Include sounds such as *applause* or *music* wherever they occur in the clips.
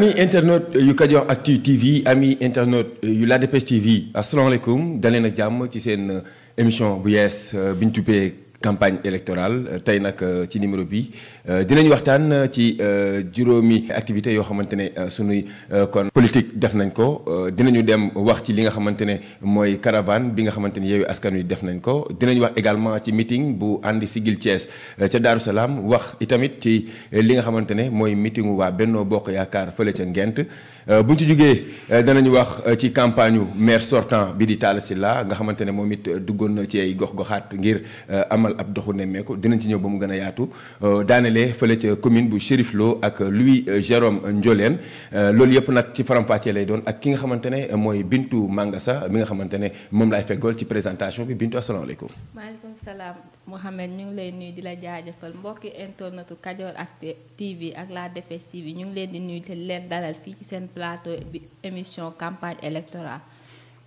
ami Internet euh, yu Active Actu TV ami Internet euh, yu TV. Dépêche TV dans daleen ak qui ci une euh, émission bu yees campagne électorale euh, tay nak euh, ci numéro bi euh, dinañ ci activité yo xamantene kon politique def nañ ko dinañu dem wax ci li nga xamantene moy caravane bi nga xamantene ni Askan Wi def nañ ko dinañ wax également ci meeting bu andi sigil ties ci Daaru Salaam wax itamit ci li nga xamantene moy meeting wa benno Bokk Yaakaar fele ca Ngent Euh, bu ñu ci jugee euh, danañu wax euh, ci campagne yu maire bi di Talla la nga xamante ne moom it duggoon na ci ay gox-goxaat ngir amal ab doxu nemmeeku dinañ ci ñëw ba mu gën a yaatu daanelee fële ca commune bu Chérif Lo ak Louis Jérôme Ndiolène loolu yëpp nag ci faram-fàccee lay doon ak ki nga xamante ne mooy Bintu Mangasa mi nga xamante ne moom laay feggool ci présentation bi Bintu asalaamaaleykum. maaleykum salaam Mouhamed ñu ngi lay nuyu di la jaajëfal mbokki internetu Kajoor plateau bi émission campagne électorale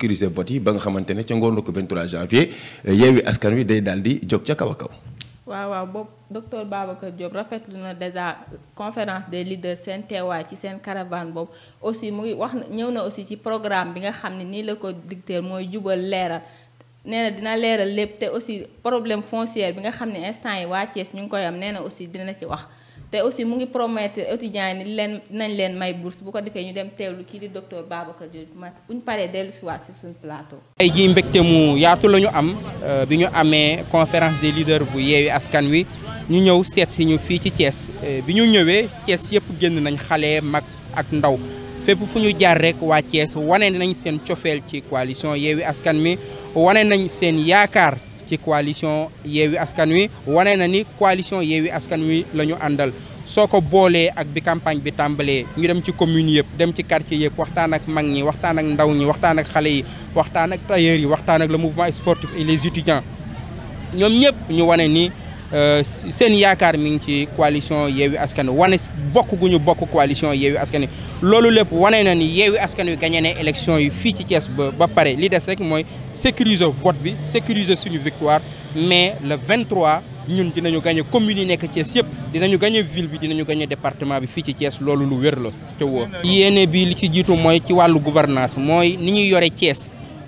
sécuriser vote yi ba nga xamantene ci ca ko 23 janvier euh, yewi Askan Wi day daldi di ci ca kaw kaw. waaw waaw boobu docteur Babacar Diop rafetlu na déjà conférence des leaders seen teewaay ci sen caravane bob aussi mu ngi wax ñëw na aussi ci programme bi nga xamni ni nii la ko dicté mooy jubal leeral. nee dina leeral lépp te aussi problème foncière bi nga xamni instant yi waa Thiès ñu ngi koy am nee aussi dina ci wax te aussi mu ngi promettre étudiants yi ni leen nañ leen may bourse bu ko defee ñu dem teewlu kii di docteur Babacar Diop ma bu ñu paree dellu si waat si plateau. jii mbégte mu yaatu la ñu am euh, bi ñu amee conférence des bu yeewi askan wi ñu ñëw seet si ñu fii ci cees euh, bi ñu ñëwee Thiès yëpp génn nañ xale mag ak ndaw fépp fu ñu jaar rek waa Thiès wane nañ seen cofeel ci coalition yeewi askan wi wane nañ seen yaakaar. ci coalition yewi Askan wané na ni coalition yewi Askan lañu andal soko bolé ak bi campagne bi tambalé ñu dem ci commune yépp dem ci quartier yépp waxtaan ak mag ñi waxtaan ak ndaw ñi waxtaan ak xalé yi waxtaan ak tailleur yi waxtaan ak le mouvement sportif et les étudiants ñom ñëpp ñu wané ni euh, sen yaakar mi ngi ci coalition yewi Askan Wi bokku bokk bokku coalition yewi askane lolou lepp lépp na ni Yewwi Askan Wi gagné né élection yi fi ci Thiès ba ba pare li dess rek moy sécuriser vote bi sécuriser suñu victoire mais le 23 ñun dinañu gagné commune nek nekk Thiès dinañu gagné ville bi dinañu gagné département bi fi ci Thiès lolou lu wër la ci wo yéene bi li ci jitu moy ci walu gouvernance moy ni ñuy yoré Thiès.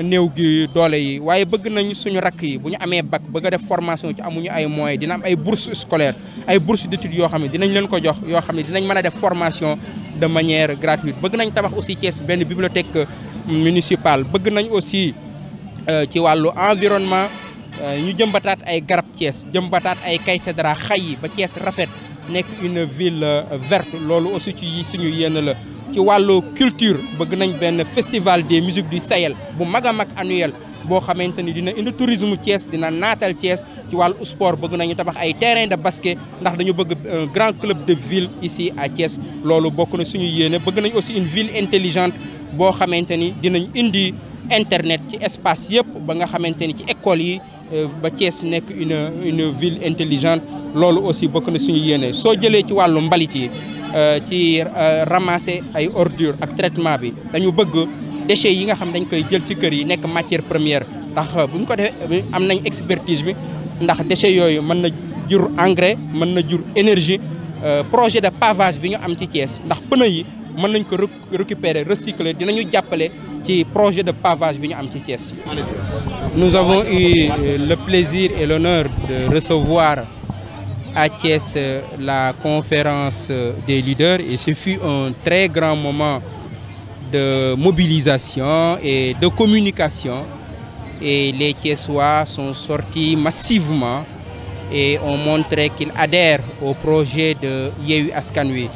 néew gi doole yi waaye bëgg nañ suñu rakk yi bu ñu amee bac bëgg def formation ci amuñu ay moyens dina am ay bourse scolaire ay bourse d'études yoo xam ne dinañ leen ko jox yoo xam ne dinañ mën a def formation de manière gratuite bëgg nañ tabax aussi cees benn bibliothèque euh, municipale bëgg nañu aussi euh, ci wàllu environnement euh, ñu jëmbataat ay garab Thiès jëmbataat ay kaysedra xay yi ba Thiès rafet nekk une ville verte loolu aussi ci suñu yéen la ci walu culture bëgg nañ ben festival des musiques du Sahel bu magamak mag annuel bo xamanteni dina indi tourisme Thiès dina natal Thiès ci walu sport bëgg nañu tabax ay terrain de basket ndax dañu bëgg un euh, grand club de ville ici à Thiès lolu bokk na suñu yéene bëgg nañ aussi une ville intelligente bo xamanteni dinañ indi internet ci espace yépp ba nga xamanteni ci école yi euh, ba Thiès nekk une une ville intelligente lolu aussi bokk na suñu yéene so jëlé ci walu mbalit yi euh, ci euh, ramasser ay ordures ak traitement bi dañu bëgg déchets yi nga xam dañ koy jël ci kër yi nek matière première ndax euh, buñ ko defee am nañ expertise bi ndax déchets yoyu mën na jur engrais mën na jur énergie projet de pavage bi ñu am ci Thiès ndax pneu yi mën nañ ko récupérer recycler dinañu jappalé ci projet de pavage bi ñu am ci Thiès. Nous avons eu le plaisir et l'honneur de recevoir à Thiès euh, la conférence euh, des leaders et ce fut un très grand moment de mobilisation et de communication et les Thiessois sont sortis massivement et ont montré qu'ils adhèrent au projet de Yehu Askanui.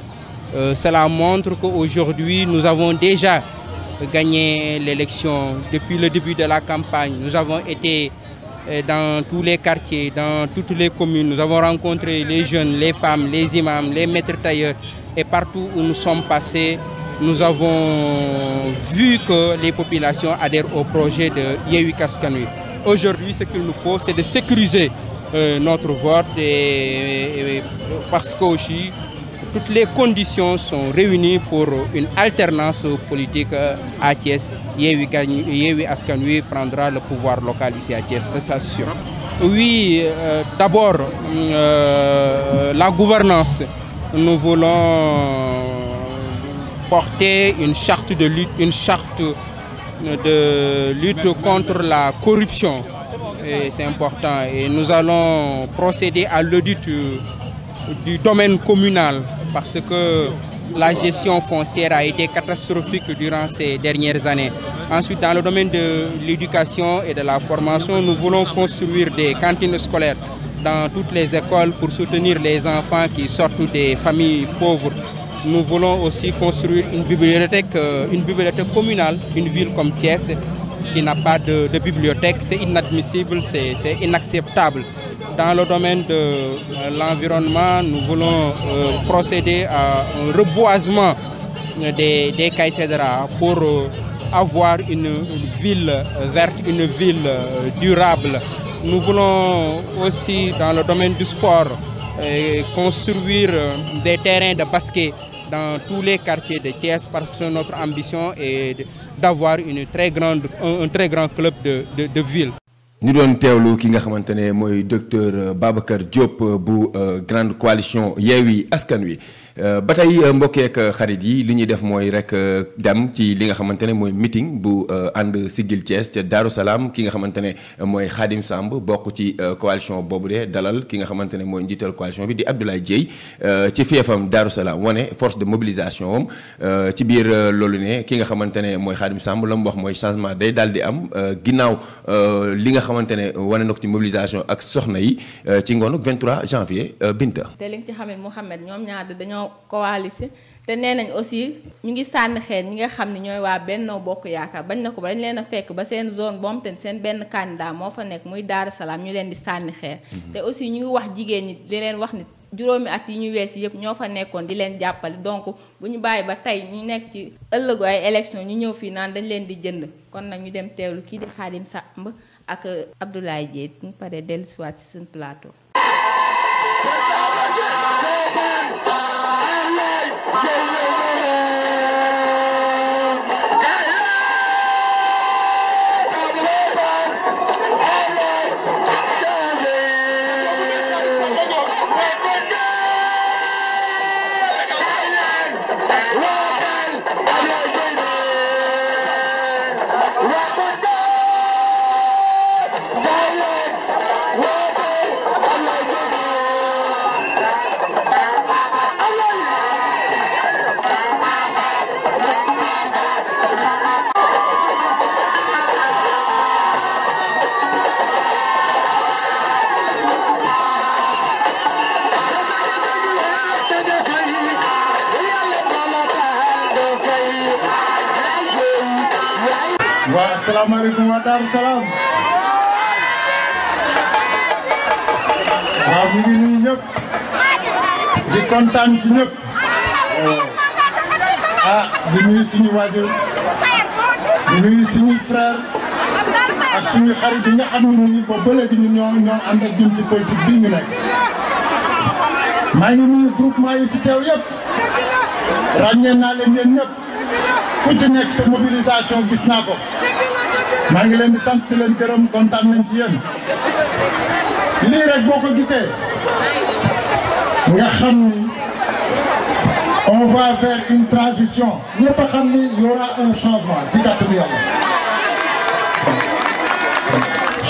Euh, cela montre qu'aujourd'hui nous avons déjà gagné l'élection depuis le début de la campagne. Nous avons été dans tous les quartiers, dans toutes les communes. Nous avons rencontré les jeunes, les femmes, les imams, les maîtres tailleurs. Et partout où nous sommes passés, nous avons vu que les populations adhèrent au projet de Yehui Kaskanui. Aujourd'hui, ce qu'il nous faut, c'est de sécuriser euh, notre vote et, et parce qu'aujourd'hui, toutes les conditions sont réunies pour une alternance politique à Thiès. Yewi Askanui prendra le pouvoir local ici à Thiès, c'est sûr. Oui, euh, d'abord, euh, la gouvernance. Nous voulons porter une charte de lutte, une charte de lutte contre la corruption. C'est important. Et nous allons procéder à l'audit du domaine communal parce que la gestion foncière a été catastrophique durant ces dernières années. Ensuite, dans le domaine de l'éducation et de la formation, nous voulons construire des cantines scolaires dans toutes les écoles pour soutenir les enfants qui sortent des familles pauvres. Nous voulons aussi construire une bibliothèque, euh, une bibliothèque communale, une ville comme Thiès qui n'a pas de, de bibliothèque. C'est inadmissible, c'est inacceptable dans le domaine de euh, l'environnement, nous voulons euh, procéder à un reboisement des, des pour euh, avoir une, ville verte, une ville durable. Nous voulons aussi, dans le domaine du sport, construire des terrains de basket dans tous les quartiers de Thiès parce que notre ambition est d'avoir un très grand club de ville. Nous doon tewlu ki nga xamantene docteur euh, Babacar Diop euh, bu euh, grande coalition Yewi Askan Wi Euh, ba tey euh, mbokkeek euh, xarit yi li ñuy def mooy rek dem ci li nga xamante ne mooy meeting bu ànd siggil Thiès ca Daaru Salaam ki nga xamante ne mooy Khadim Samb bokk ci coalition boobu de dalal ki nga xamante ne mooy njiital coalition bi di Abdoulaye Dieye ci feefam Daaru Salaam wane force de mobilisation am ci biir loolu ne ki nga xamante ne mooy Khadim Samb la mu wax mooy changement day daal di am ginnaaw li nga xamante ne wane na ko ci mobilisation ak soxna yi ci ngoonu 23 janvier Binta. te li nga xamit Mouhamed ñoom ñaar dañoo ñoo coalisé te nee nañ aussi ñu ngi sànni xeet ñi nga xam ne ñooy waa Benno Bokk Yaakaar bañ na ko ba dañ leen a fekk ba seen zone boom seen benn candidat moo fa nekk muy Daara Salaam ñu leen di sànni xeer mhm. te aussi ñu ngi wax jigéen ñi di leen wax ni juróomi at yi ñu wees yëpp ñoo fa nekkoon di leen jàppale donc bu ñu bàyyi ba tey ñu nekk ci ëllëgu ay élection ñu ñëw fii naan dañ leen di jënd kon nag ñu dem teewlu kii di Xaadim Samb ak Abdoulaye Dieye ñu pare dellusiwaat si suñu plateau kontaan ci ñëpp ah di nuyu suñu waajur di nuyu suñuy frère ak suñu xarit yi nga xam ne nii ba léegi ñun ñoo ñoo ànd ak jëm ci politique bii ñu nekk maa ngi nuyu groupement yi fi teew yëpp ràññee naa leen ku ci sa mobilisation gis ko ngi leen di sant leen gërëm nañ ci rek gisee nga xam on va vers une transition Ne pas xam il y aura un changement ci kàttanu yàlla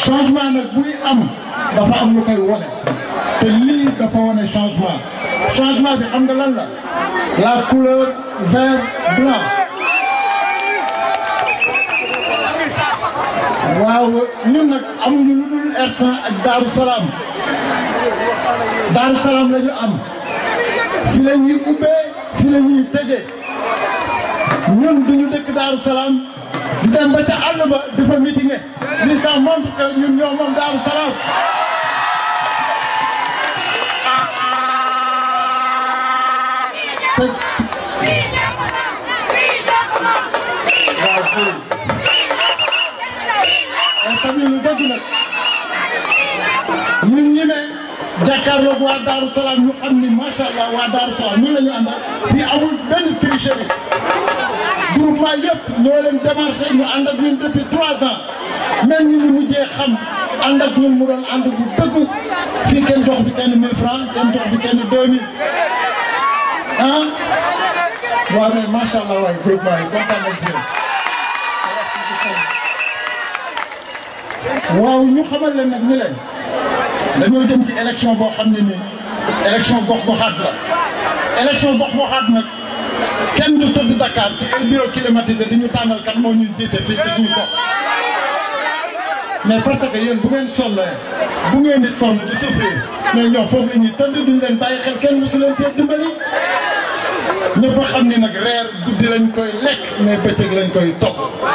changement nag buy am dafa am lu koy wone te lii dafa wone changement changement bi xam nga lan la la couleur vert blanc waaw ñun nag amuñu lu dul r ak Daaru Salaam Daaru Salaam la am fi la ñuy fi la ñuy ñun du ñu dëkk di dem ba ca àll ba di mitinge li ça ñun ñoo moom jàkkaarloog waa Darou Salaam ñu xam ni macha allah waa Darou Salaam ñun la ñu àndal fii amul benn tricherie groupement yëpp ñoo leen démarché ñu ànd ak ñun depuis trois ans même ñu mujjee xam ànd ak ñun mu doon ànd bu dëggu fii kenn jox fi kenn 1000 francs kenn jox fi kenn 2000 ah. waaw mais macha allah waay groupement yi kontaan nañ si yéen waaw ñu xamal leen nag ñu leen. dañoo jëm ci élection boo xam ne nii élection gox goxaat la élection gox goxaat nag kenn du tëdd Dakar ci ay bureau climatisé di ñu tànnal kan moo ñuy jiite fii ci suñu gox mais parce que yéen bu ngeen sollee bu ngeen di sonn di souffrir mais ñoom foofu la ñuy tëdd duñ leen bàyyi xel kenn mosu leen cee dimbali ñëpp xam ni nag reer guddi lañ koy lekk mais bëccëg lañ koy togg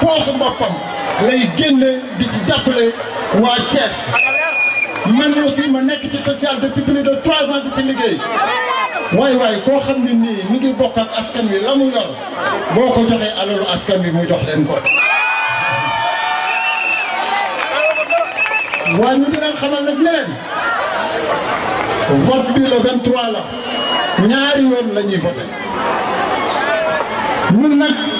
poosu boppam lay génne di ci jàppale waa Thiès man aussi ma nekk ci social depuis plus de trois ans ci liggéey waay waay koo xam ne nii mi ngi bokk ak askan wi la mu yor boo ko joxee alalu askan wi mu jox leen ko waaye ñu di leen xamal nag leen vote bi le 23 la ñaari yoon lañuy ñuy voté nag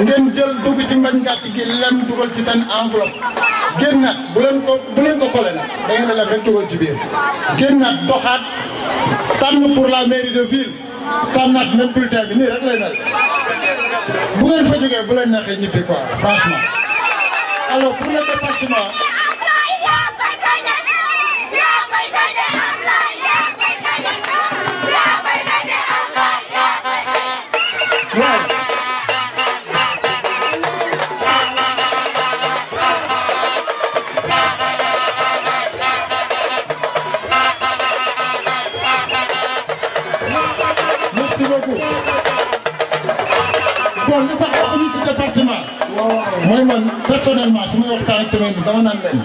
ngeen jël dugg ci mbagn gatti gi lem dugal ci sen enveloppe genn bu len ko bu len ko kolé la da ngeen la rek dugal ci biir genn doxat tan pour la mairie de ville nak même bulletin bi ni rek lay mel bu ngeen fa jógee bu len naxé ñibi quoi franchement alors pour le département Yeah. man personnellement su may waxtaan ak semaine bi dama naan leen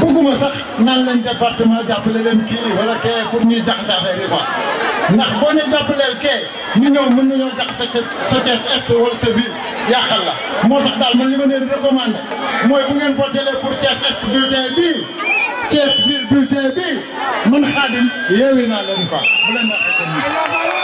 bëgguma sax naan leen département jàppale leen kii wala kee pour ñuy jaxase affaire yi quoi ndax boo ñu jàppaleel kee ñu ñëw mën nañoo jaxase sa Thiès est wala sa ville yàqal la moo tax daal man li ma leen recommandé mooy bu ngeen votelee pour Thiès est bulletin bii Thiès ville bulletin bii man Khadim yeewi naa leen quoi bu leen waxee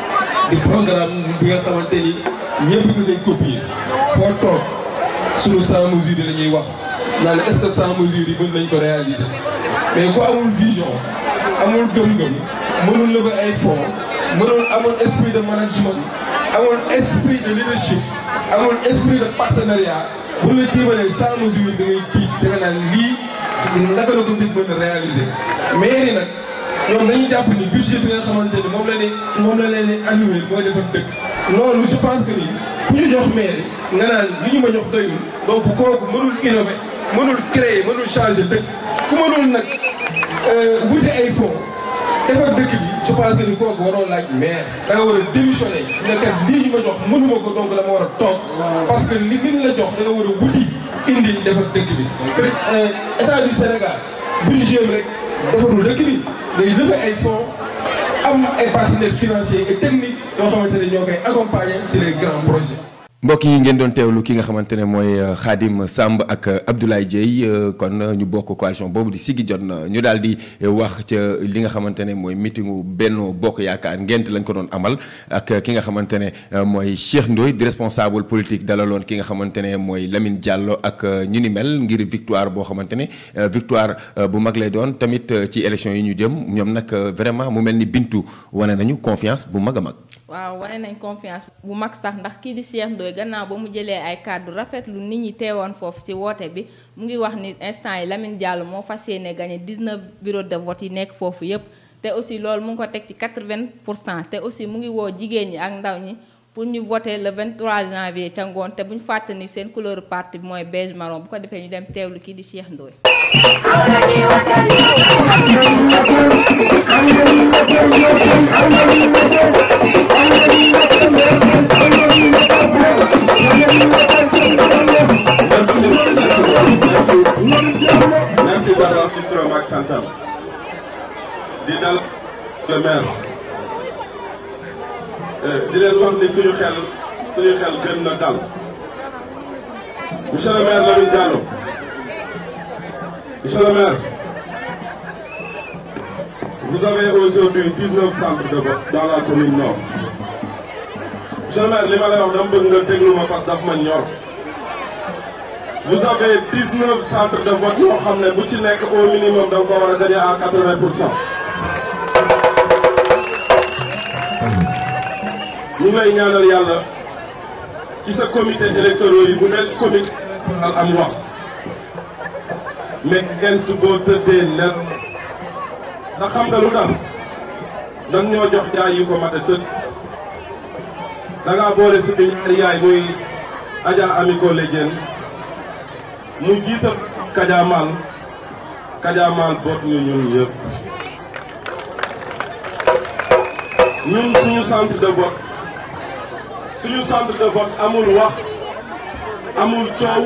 di programme nga xamante ni ñëpp ñu ngi copier foo toog suñu sans yi la ñuy wax naan est-ce que sans mesure yi mën nañ ko réaliser mais ku amul vision amul gëm-gëm mënul lever ay fonds mënul amul esprit de management amul esprit de leadership amul esprit de partenariat bu la jébalee sans mesure da ngay tiit da nga naan lii naka la ko nit mën a réaliser mais ni nag. ñoom dañuy jàpp ni budget bi nga xamante ni moom la leen moom la leen di mooy defar dëkk. loolu je pense que ku ñu jox mairie nga naan li ñu ma jox doyul donc kooku mënul innover mënul créer mënul changer dëkk ku mënul nag euh, wuti ay fonds defar dëkk bi je pense que kooku waroo laaj maire da war a démissionner ne ñu ma jox mënuma ko donc dama war a toog parce que li ñu jox da war a wuti indi defar dëkk bi. Euh, état du Sénégal budget rek defarul dëkk bi. Les deux ay fonds am ay partenaires et technique yoo xamante ne c'est koy accompagner sur les grands projets mbokk yi ngeen doon teewlu euh, Khadim Samb ak euh, Abdoulaye Dieye euh, kon ñu bokk coalition boobu di sigi jot ñu daal wax ca li nga meetingu Bokk lañ ko amal ak ki nga xamante ne Cheikh Ndoye responsable politique dalaloon ki Lamine Diallo ak ñu ni mel ngir victoire boo victoire bu mag tamit ci yi ñu vraiment Bintu confiance bu waaw wane nañ confiance bu mag sax ndax kii di Cheikh Ndoye gannaaw ba mu jëlee ay kàddu rafetlu nit ñi teewoon foofu ci woote bi mu ngi wax ni instant yi Lamine Diallo moo fas yéene gagné 19 bureau de vote yi nekk foofu yépp te aussi loolu mu ngi ko teg ci 80 pour cent te aussi mu ngi woo jigéen ñi ak ndaw ñi pour ñu voter le 23 janvier ca ngoon te bu ñu fàttali seen couleur parti bi mooy beige marron bu ko defee ñu dem teewlu kii di Cheikh ndooy di dal le maire di leen wax ni suñu xel suñu xel gën na dal monsieur le maire Lamine Diallo Monsieur le maire, vous avez aujourd'hui 19 centres de vote dans la commune Nord. Monsieur le maire, les valeurs d'un wax dama bëgg nga ma Vous avez 19 centres de vote qui ont ne bu au minimum d'un pouvoir ko à 80 Nous, cent. qui ngi lay ñaanal qui comité électoral yi bu nekk comité am mais gent boo tëddee ner ndax xam nga ñoo jox jaay yu ko mate sët da ngaa boole suñu ñaari muy Adja Amiko Lejeen mu jiital Kajaamaal Kajaamaal boot ñu ñun ñëpp ñun suñu centre de vote suñu centre de vote amul wax amul coow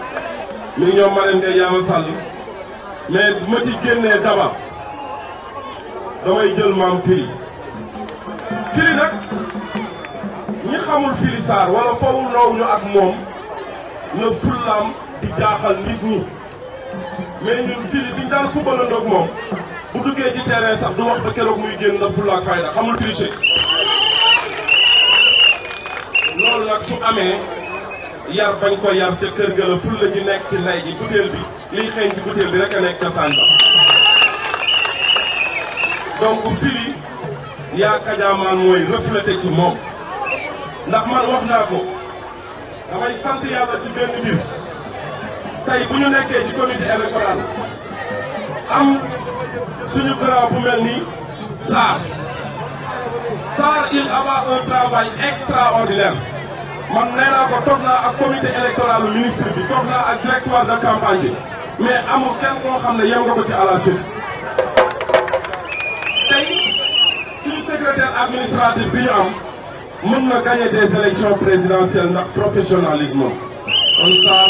mi ngi ñoom Marème Yaama Sall mais bu ma jël maam Fili Fili nag ñi xamul Fili Sarr wala foofu noow ñu ak moom na fullaam di jaaxal nit ñi mais ñun Fili biñ daan fubalandoog moom bu duggee ci sax du wax ba keroog muy génn na fullaak fayda xamul tricher loolu nag su amee yar bañ ko yar ca kër ga la ful la ji nekk ci ndey ji butéel bi liy xeeñ ci butéel bi rek a nekk cosaan ba donc fili yaa kajaamaan mooy reflété ci moom ndax man wax naa ko damay sant yàlla ci benn mbir tey bu ñu nekkee ci comité électoral am suñu grand bu mel ni Sarr Sarr il a un travail extraordinaire man nee naa ko toog naa ak comité électoral ministre bi toog naa ak directoire de campagne bi mais amul kenn koo xam ne yem nga ko ci à la suite. tey suñu secrétaire administratif bi ñu am mën na gagner des élections présidentielles ndax professionnalisme on sar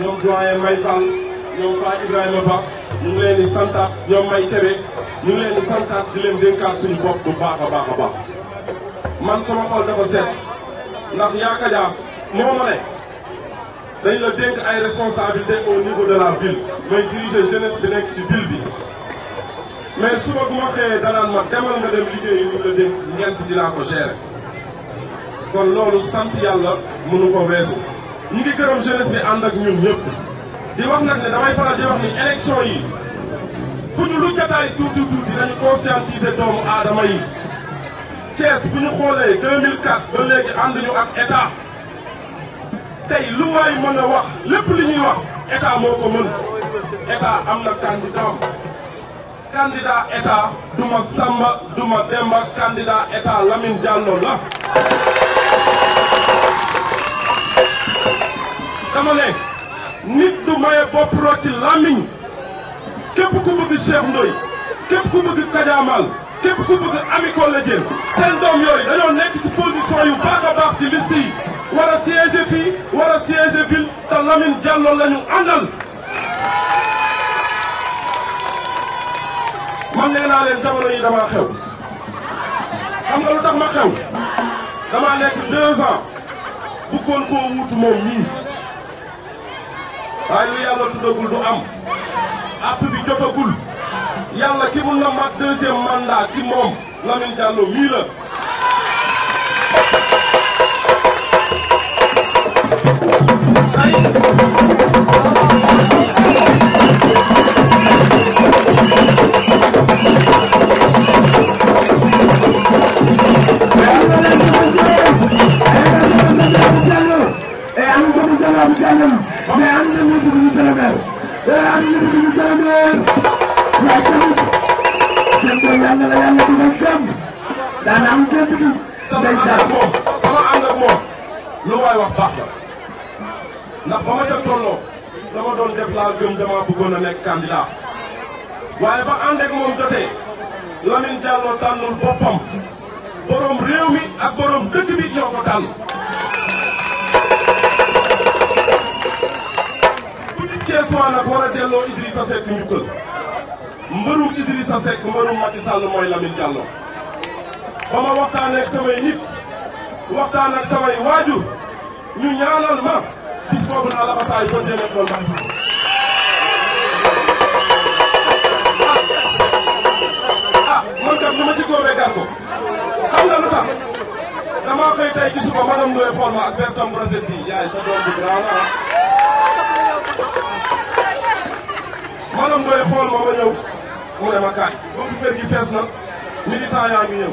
ñoom doyen May Fall ñoom Fa Ibrahima Ba ñu ngi leen di santaat ñoom May Kébé ñu ngi leen di santaat di leen dénkaat suñu bopp bu baax a baax man sama xol dafa set. ndax yaa kajaar moo ma ne dañ la dénk ay responsabilité au niveau de la ville may diriger jeunesse bi nekk ci ville bi mais suba bu ma xëyee danaan ma demal nga dem liggéey yi ñu la dénk ñeent dinaa ko gérer kon loolu sant yàlla mënu ko weesu ñu ngi gërëm jeunesse bi àndak ak ñun ñëpp di wax nag ne damay faral di wax ni élection yi fu ñu lu jataay tuuti tuuti dañu conscientiser doomu aadama yi Thiès bu ñu xoolee 2004 ba léegi ànd ñu ak état tey lu waay mën a wax lépp li ñuy wax état moo ko mën état am na candidat candidat duma Samba duma Demba candidat état Lamine Diallo la dama ne nit du maye bopp rocci làmmiñ képp ku bëgg Cheikh Ndoye képp ku bëgg Kaja képp ku bëgg amicoo la seen doom yooyu dañoo nekk ci position yu baax a baax ci liste yi war a siéger fii war a siéger ville te Lamine Diallo la ñu àndal. man nee naa leen jamono yi damaa xew xam nga lu tax ma xew damaa nekk deux ans bëggoon koo wutu moom mii waaye lu yàlla tuddagul du am app bi jotagul. yàlla la mun na mat deuxième mandat ci moom Lamine Diallo mii la. Thank you. ànd ak moom ba ma ànd ak lu waay wax baax na ndax ba ma ca tolloo dama doon gëm dama bëggoon a nekk candidat waaye ba ànd ak moom jotee Lamine Diallo tànnul boppam borom réew mi ak borom dëkk bi ñoo nag war a delloo Idrissa Seck njukkal mbërum Idrissa Seck mbërum Macky Sall mooy Lamine ma waxtaanee ak samay nit. waxtaan ak samay waajur ñu ñaanal ma bis boobu naa la ko saa yu ko séeréer ma ci góobee gar ko xam nga lu tax damaa xëy tey ma ak bertam bu rafet yaay sa doom bu grand ah. madame Ndoye xool ma ba ñëw mu ne ma kaay. boobu gi fees na militant yaa ngi ñëw.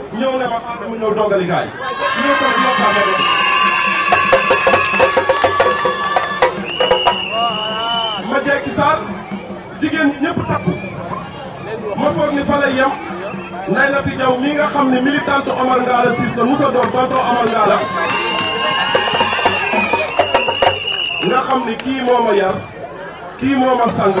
ñëw ne ma xaaral ma ñëw dogali gaay yi ñëw toog ñëw xaaral ma ma jekki saar jigéen ñi ñëpp ma foog ni fa lay yem nay na mi nga xam ne militante Omar Ngalla Ciss la Moussa doon tonton Omar Ngalla nga xam ni kii moo ma yar kii moo ma sang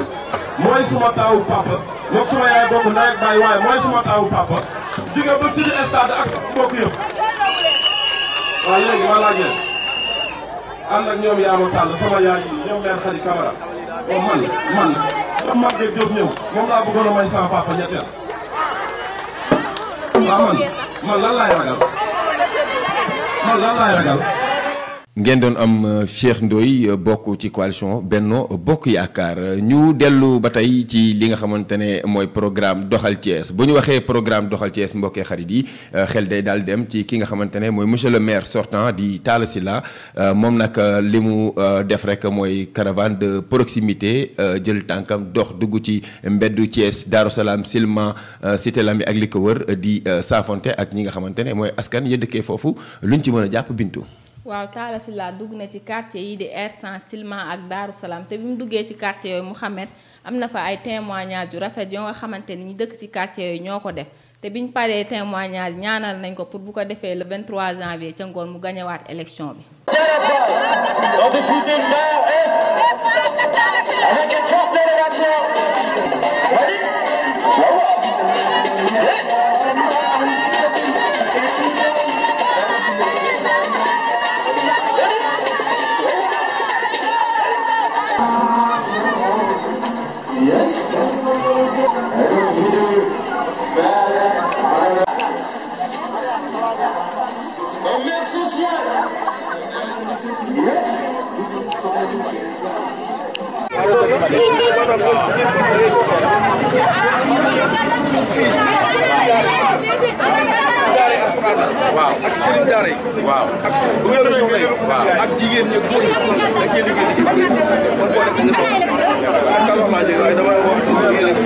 mooy suma taawu papa moog suma yaay bokk nawet bàyyi waaye mooy suma taawu papa di nga ba tëj stade ak mbokk yëpp waaw léegi ma ak ñoom Yaama Sall sama yaay ñoom mère Khady Camara o oh, man man dam màggee Diop ñëw moom laa bëggoon a may sama papa ñetteel waaw man man lan laay ragal man lan laay ragal Gendon am euh, Cheikh Ndoy euh, bokk ci coalition Benno Bokk Yaakaar euh, ñu dellu ba tey ci li nga xamantene programme doxal Ties. bu ñu programme doxal Ties mbokkee xarit yi xel day dal dem ci ki nga xamantene monsieur le maire sortant di talasila Sylla moom nag li def rek caravane de proximité jël tànkam dox dugg ci mbeddu Thiès daru Silma Cité lambi ak li ko wër di saafonte ak ñi nga xamantene askan ya foofu luñ ci mën waaw Talla laa dugg na ci quartier yi di Hersent Silma ak Daaru Salaam te bi mu duggee ci quartier yooyu Mouhamed am na fa ay témoignage ju rafet yoo nga xamante ni ñi dëkk ci quartier yooyu ñoo ko def te biñ paree témoignage ñaanal nañ ko pour bu ko defee le 23 janvier ca ngoon mu gañewaat élection bi. Ah waaw ak sëriñ daara yi. waaw ak ah sëriñ bu ngeen soxla yi. waaw ak jigéen ñi góor ñi xam nga dañ cee liggéey si biir man boo def nga toog kaloo laa jël waaye damay wax si biir rek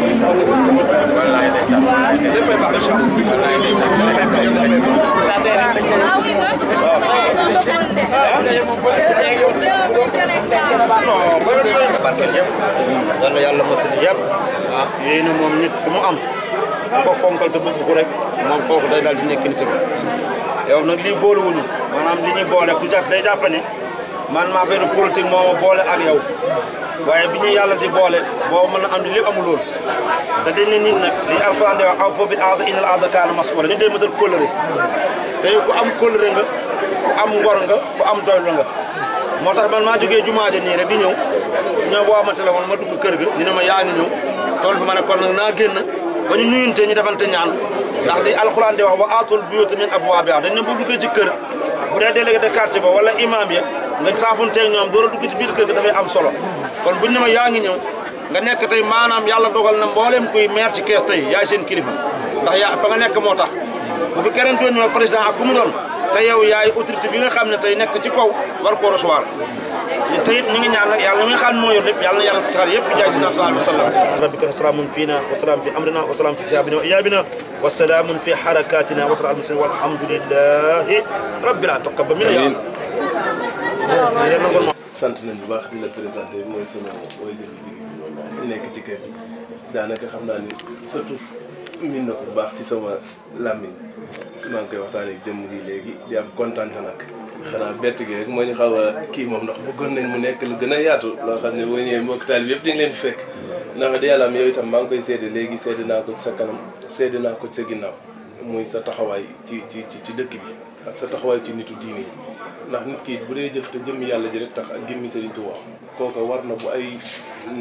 wallaay day sax lépp ay baax incha allah wallaay day sax lépp ay baax incha allah barkeel yàlla mottali yëpp ah yéen moom nit ku mu am ku ko fonkal te bëgg ko rek moom kooku day daal di nekk nitam yow nag lii boolewuñu maanaam li ñuy boole ku jàpp day jàpp man maa benn politique moo ma boole ak yow waaye bi ñu yàlla di boole boo mën a am li lépp amul woon te dañ ne nit nag li alquran di wax aw aada innal aada kaana mas'uula ñu dee matal kóllëre te yow ku am kóllëre nga ku am ngor nga ku am doylu nga moo tax man maa jógee jumaa ja nii rek di ñëw ñoo woo ma téléphone ma dugg kër ga ñu ne ma yaa ngi ñëw tool fi ma ne kon nag naa génn ba ñu nuyunte ñu defante ñaan ndax di alxuraan di wax wa aatul buyuuta min abwaabihaa dañ ne bu duggee ci kër bu dee délégué de quartier ba wala imam ya nga saafunteeg ñoom door a dugg ci biir kër ga dafay am solo kon buñ ne ma yaa ngi ñëw nga nekk tey maanaam yàlla dogal na mbooleem kuy maire ci kees tey yaay seen kilifa ndax yaa fa nekk moo tax bu fi keneen doon ak ku mu doon te yow yaay autorité bi nga xam ne tey nekk ci kaw war koo recevoir te it ñu ngi ñaan nag yàlla mi nga xam ne moo yor lépp yàlla na yàlla saxal yëpp bi jaay si nabi sallallahu alayhi wa sallam rabbika salaamun fiina wa salaam fi amrina wa salaam fi siyaabina wa iyaabina wa salaamun fi harakatina wa salaam muslimin walhamdulillahi rabbil alamin taqabbal minna yàlla sant nañ bu baax di la présenté mooy sunu way jëf jigéen nekk ci kër daanaka xam naa ni surtout miin na bu baax ci sama làmmiñ maa ngi koy waxtaanee jëmm gi léegi di am kontante nag xanaa bett gi rek moo ñu xaw kii moom ndax bëggoon nañ mu nekk lu gën a yaatu loo xam ne boo ñëwee mbokk taal bi yëpp di nga leen fekk ndax di yàlla am yow itam maa ngi koy seede léegi seede naa ko ci sa kanam seede naa ko ci sa ginnaaw muy sa taxawaay ci ci ci dëkk bi ak sa taxawaay ci nitu diine yi ndax nit ki bu dee jëf te jëmm yàlla ji rek tax ak gémmi Sëriñ wax kooka war na bu ay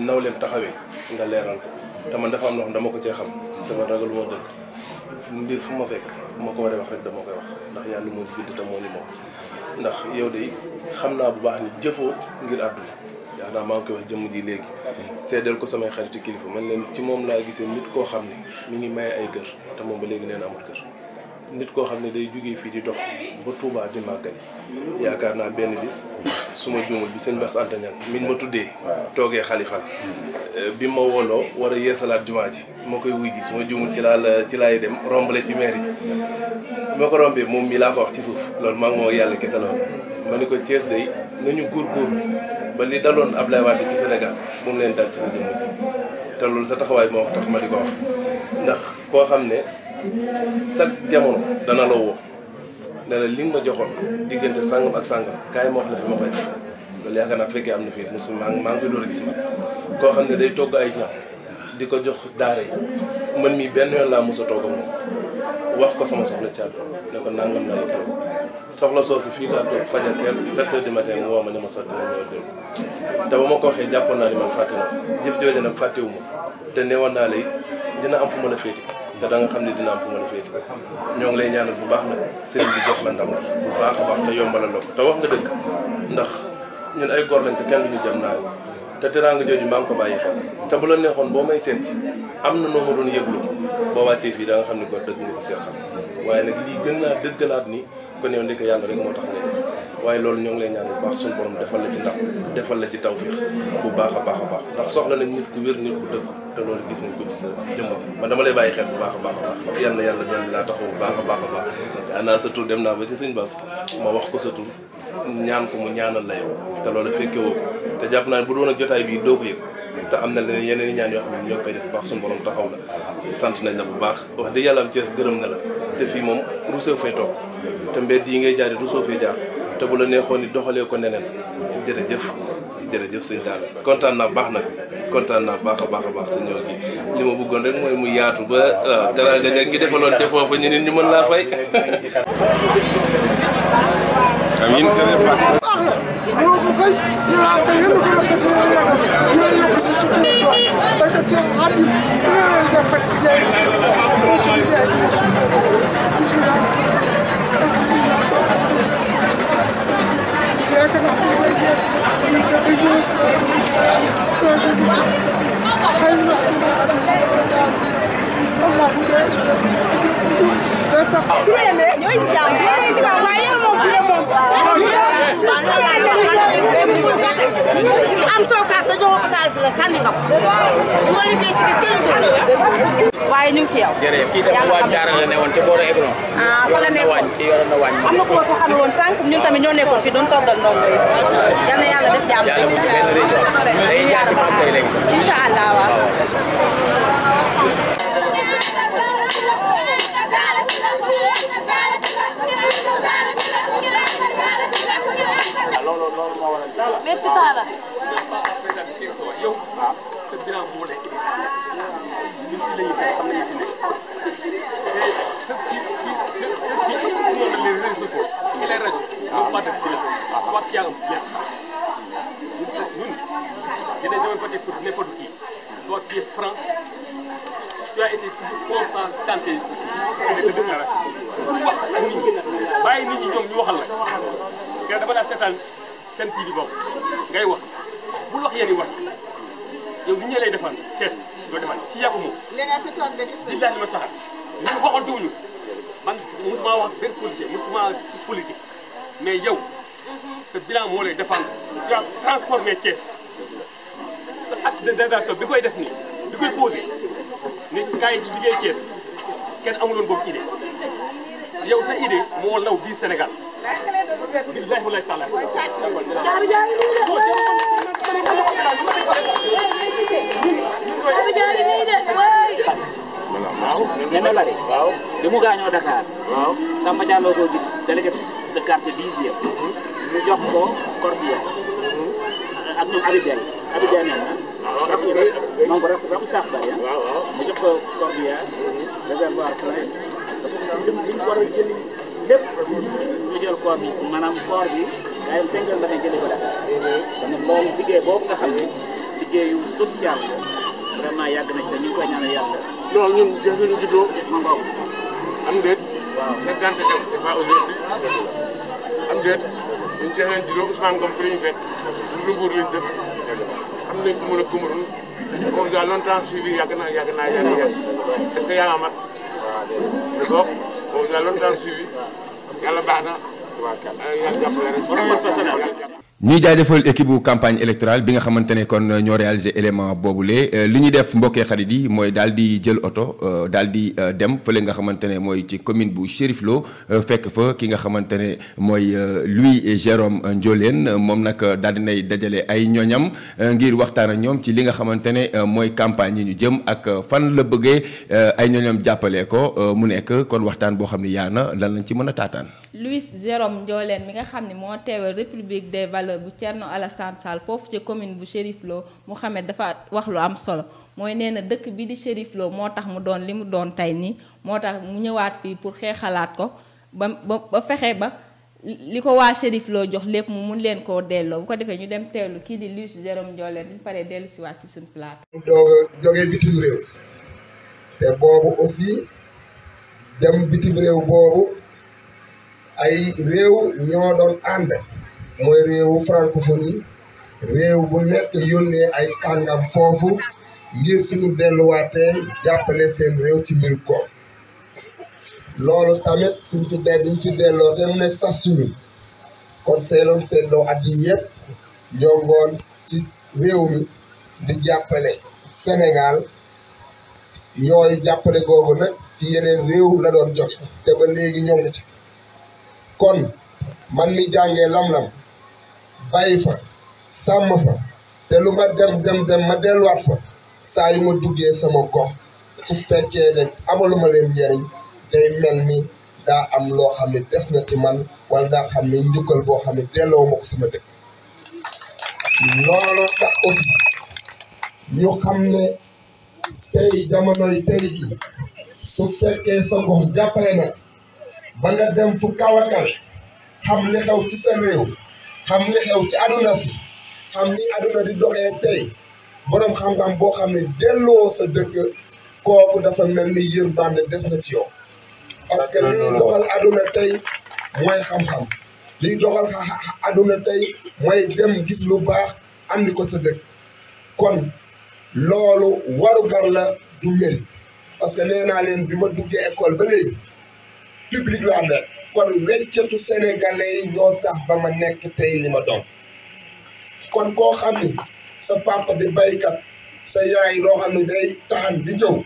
nawleem taxawee nga te man dafa am loo xam dama ko cee xam te man ragal moo dëkk mbir fu ma fekk bu ma ko waree wax rek dama koy wax ndax yàlla moo bind te moo ni moom ndax yow de xam naa bu baax ni jëfoo ngir àdduna yaakaar maa ngi koy wax jëmm ji léegi seedeel ko samay xarit ci kilifa man leen ci moom laa gisee nit koo xam ne mi ngi maye ay kër te moom ba léegi neen amul kër nit koo xam ne day jóge fii di dox ba Touba di màggal yaakaar naa benn bis suma ma bi sëñ Bass Anta Niang min ma tuddee toogee xalifa euh, bi ma woloo war a yeesalaat jumaa ji ma koy wuy ji su ci laa la dem rombale ci mairie bi ko rombee moom mi laa ko wax ci suuf loolu maa moo yàlla kese la ma ni ko Thiès day nañu góorgóorlu ba li daloon Ablaye Wade ci senegal bu mu leen dal ci sa jëmm ji te loolu sa taxawaay moo tax ma di ko wax ndax koo xam ne chaque jamono dana la woo ne li nga ma joxoon diggante sàngam ak sàngam kaay ma wax fi ma koy def loolu yaakaar naa fekkee am na fii mosu maa ngi maa ngi koy door a gis ma koo xam ne day togg ay ñam di ko jox daara yi man mii benn yoon laa mos a togg moom wax ko sama soxla caal ne ko nangam la la togg soxla soosu fii laa toog fajar teel 7 heures matin woo ma ne ma sotti ma ñëw teel te ba ma ko waxee jàppoon naa ni man fàtte na jëf jooju fàttewuma te newoon naa la it am fu ma la te da nga xam ne dina am fu mën a féete ñoo ngi lay ñaanal bu baax nag sëriñ bi jox la ndam bu baax a baax te yombalal la ko te wax nga dëgg ndax ñun ay gor lañ te kenn duñu jam naa te teraanga jooju maa ngi ko bàyyi xel te bu la neexoon boo may seet am na noo ma doon yëglu boo wàccee fii da nga xam ne góor dëgg nga ko seexal waaye nag lii gën naa dëggalaat ni kon yow ndekk yàlla rek moo tax ngay waaye loolu ñoo ngi lay ñaan bu baax suñu borom defal la ci ndax defal la ci tawféex bu baax a baax a baax ndax soxla nañ nit ku wér nit ku dëgg te loolu gis nañ ko ci sa jëmm ji man dama lay a a yàlla doon laa bu baax a baax a baax ana sa tur dem naa ba ci sëñ ma wax ko sa tur ñaan ko mu ñaanal la yow te loolu fekke woo ko te jàpp naa ne bu doon ak jotaay bii doo ko yëg te am na leen yeneen i ñaan yoo xam ne ñoo koy def baax suñu borom taxaw la sant nañ la bu baax wax dëgg yàlla am Thiès gërëm na la te fii moom rousseau fay toog te mbedd yi ngay jaari rousseau fay jaar te bu la neexoon ni doxalee ko neneen jërëjëf jërëjëf sëñ Talla kontaan naa baax nag kontaan naa baax a baax a baax sëñ ñoo gi li ma bëggoon rek mooy mu yaatu ba waaw euh, teraanga ngi defaloon ca fa ñu nit ñu mën laa fay amiin *laughs* I'm talking at the door of the size of the standing up. You want to get to the waaye ñu ngi ci yow. jërëjëf kii dafa waañ jaara la ne woon ca boora Ebron. ah fa la nekkoon yoroon na waañ am na ku ma ko xamee woon sànq ñun tamit ñoo nekkoon fii doon toggal ndongo yi. yal na yàlla def jàmm. yàlla bu ñu benn région day jaar ci conseil léegi. incha allah waaw. Merci Talla. Ah, la ñuy def xam nañu fi nekk je n'ai jamais voté pour n'importe qui. Toi qui es franc, tu as été toujours constant dans tes déclarations. wax ak nit ñi bàyyi nit ñi ñoom ñu waxal la nga dama daa seetaan seen TV boobu ngay wax bul wax yéen i wax yow nit ñi lay defal Thiès loolu de man ci yàggu ma. léegi ak sa man mosuma wax benn politique mosuma politique mais yow. sa bilan moo lay défendre. tu as transformé sa acte de désertion bi koy def nii bi koy ni kaay ji liggéey kenn amuloon boobu idée yow sa idée moo law bii Sénégal. billahi wallahi taala. apa jalan ini deh, woi. Nena lari. Dimu gaañoo Dakar. waaw kan? Diallo koo gis délégué de quartier 10 yëpp. ke jox ko Corbière. ak ñoom Habib Diagne. Habib Diagne ah. rakku moom rakku rakku Saaf Bari ah. mu jox ko Corbière. réservoir plein. dafa dem li ñu war a jëli lépp. ñu jël koor bi maanaam koor bi. daa yem 5 heures ba nga vraiment yàgg nañ te ñu ngi koy ñaanal yàlla. non ñun jox nañu am déet. waaw cinquante dem c'est pas am déet ñun jox nañu juddoo Ousmane Ngom fi la ñu fekk. lu nguur lañ def. am nañ ku mën a kumarul. comme ça longtemps suivi yàgg naa yàgg naa yàgg yàgg. est-ce que yaa mat. waaw boog comme ça longtemps suivi. yàlla na. waaw yàlla jàppale ñuy jaajëfal équipe campagne électorale bi nga xamante ne kon ñoo réalisé élément boobule euh, li ñuy def mbokkee xarit yi mooy daal di jël oto euh, daal di euh, dem fële nga xamante ne mooy ci commune bu Chérif Lo fekk fa ki nga xamante ne mooy Louis Jérôme Ndiolène moom nag daal di nay dajale ay ñooñam ngir waxtaan ak ñoom ci li nga xamante ne mooy campagne yi ñu jëm ak fan la bëggee ay ñooñam jàppale ko mu nekk kon waxtaan boo xam ne yaa na lan lañ ci mën a taataan. bu Thierno Alassane Sall foofu ci commune bu Chérif Lo Mouhamed dafa wax lu am solo mooy nee na dëkk bi di Chérif moo tax mu doon li mu doon tey nii moo tax mu ñëwaat fii pour xalaat ko ba ba ba fexe ba li ko waa Chérif jox lépp mu mun leen koo delloo bu ko defee ñu dem teewlu kii di Luus Jérôme Ndiolène bu paree dellu si waat si suñu plateau. donc jógee bitim réew te boobu aussi dem bitim réew boobu ay réew ñoo doon ànd. mooy réewu francophonie réew bu nekk yónnee ay kàngam foofu ngir suñu delluwaatee jàppale seen réew ci mbir ko loolu tamit suñ ci dee diñ ci delloo te mu ne sas suñu kon seeloon at yi yëpp jongoon ci réew mi di jàppale senegal yooyu jàppale googu nag ci yeneen réew la doon jot te ba léegi ñoo ngi ci kon man mi jàngee lam-lam bàyyi fa sàmm fa te lu ma dem dem dem ma delluwaat fa saa yu ma duggee sama gox su fekkee ne amaluma leen njëriñ day mel ni daa am loo xam ne def na ci man wala daa xam ne njukkal boo xam ne delloo ma ko sama dëkk looloo tax aussi su fekkee sa gox jàppale na ba nga dem fu kawakal xam li xew ci sa réew xam li xew ci aduna si xam li aduna di doxee tey borom xam-xam boo xam ne delloo sa dëkk kooku dafa mel ni yërmande des na ci yow. parce que liy doxal aduna tey mooy xam-xam liy doxal aduna tey mooy dem gis lu baax andi ko sa dëkk kon loolu warugar la du mel parce que nee naa leen bi ma duggee école ba léegi public laa nekk. koppar weccatu sénégalais yi ñoo tax ba ma nekk tey li ma doon kon koo xam ni sa papa di baykat sa yaay loo xam ne day taxan di jëw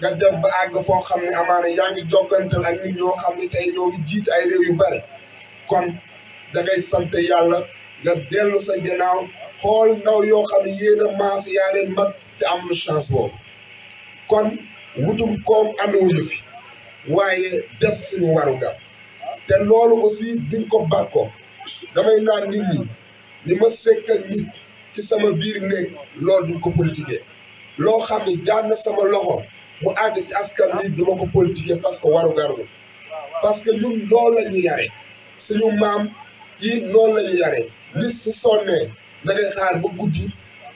nga dem ba àgg foo xam ne amaana yaa ngi jokkantal ak nit ñoo xam ne tey ñoo jiit ay réew yu bari kon dangay ngay sant yàlla nga dellu sa ginnaaw xool ndaw yoo xam ne yéen maas yaa leen mag te am chance boobu kon wutum koom anduwuñu fi waaye def suñu warugar te loolu aussi duñ ko bàkko damay naan nit ñi li ma sekk ak nit ci sama biir néeg loolu duñ ko politiquer loo xam ne jaar na sama loxo mu àgg ci askan wi du ma ko politiquer parce que waru garlu parce que ñun loolu la ñu yare suñu maam yi noonu lañu ñu yare nit su sonnee da xaar ba guddi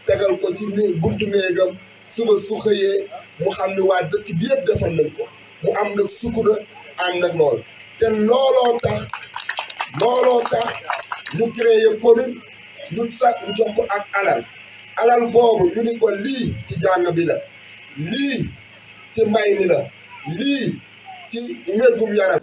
tegal ko ci ni buntu néegam suba su xëyee mu xam ne waa dëkk bi yëpp defal nañ ko mu am nag sukura ànd nag lool te looloo tax looloo tax ñu créé commune ñu ak alal alal boobu ñu ni ko lii ci jàng lii ci mbay mi lii ci wérgum yaram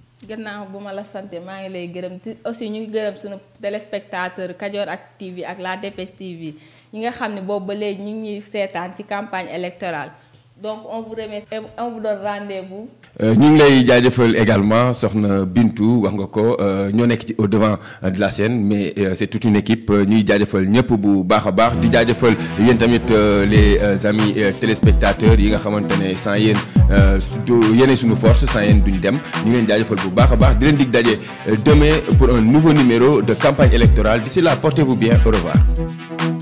gannaaw bu ma la sante maa ngi lay gërëm aussi ñu ngi gërëm suñu téléspectateur Kajoor Actu TV ak la Dépêche TV ñi nga xam ne boobu ba léegi ñu ngi ñuy seetaan ci campagne électorale donc on vous remercie rendez-vous Nous, euh, ngi également Bintou, euh, au devant de la scène mais euh, c'est toute une équipe Nous avons bu Nous de di les amis téléspectateurs yi nga sans sans demain pour un nouveau numéro de campagne électorale d'ici là portez-vous bien au revoir.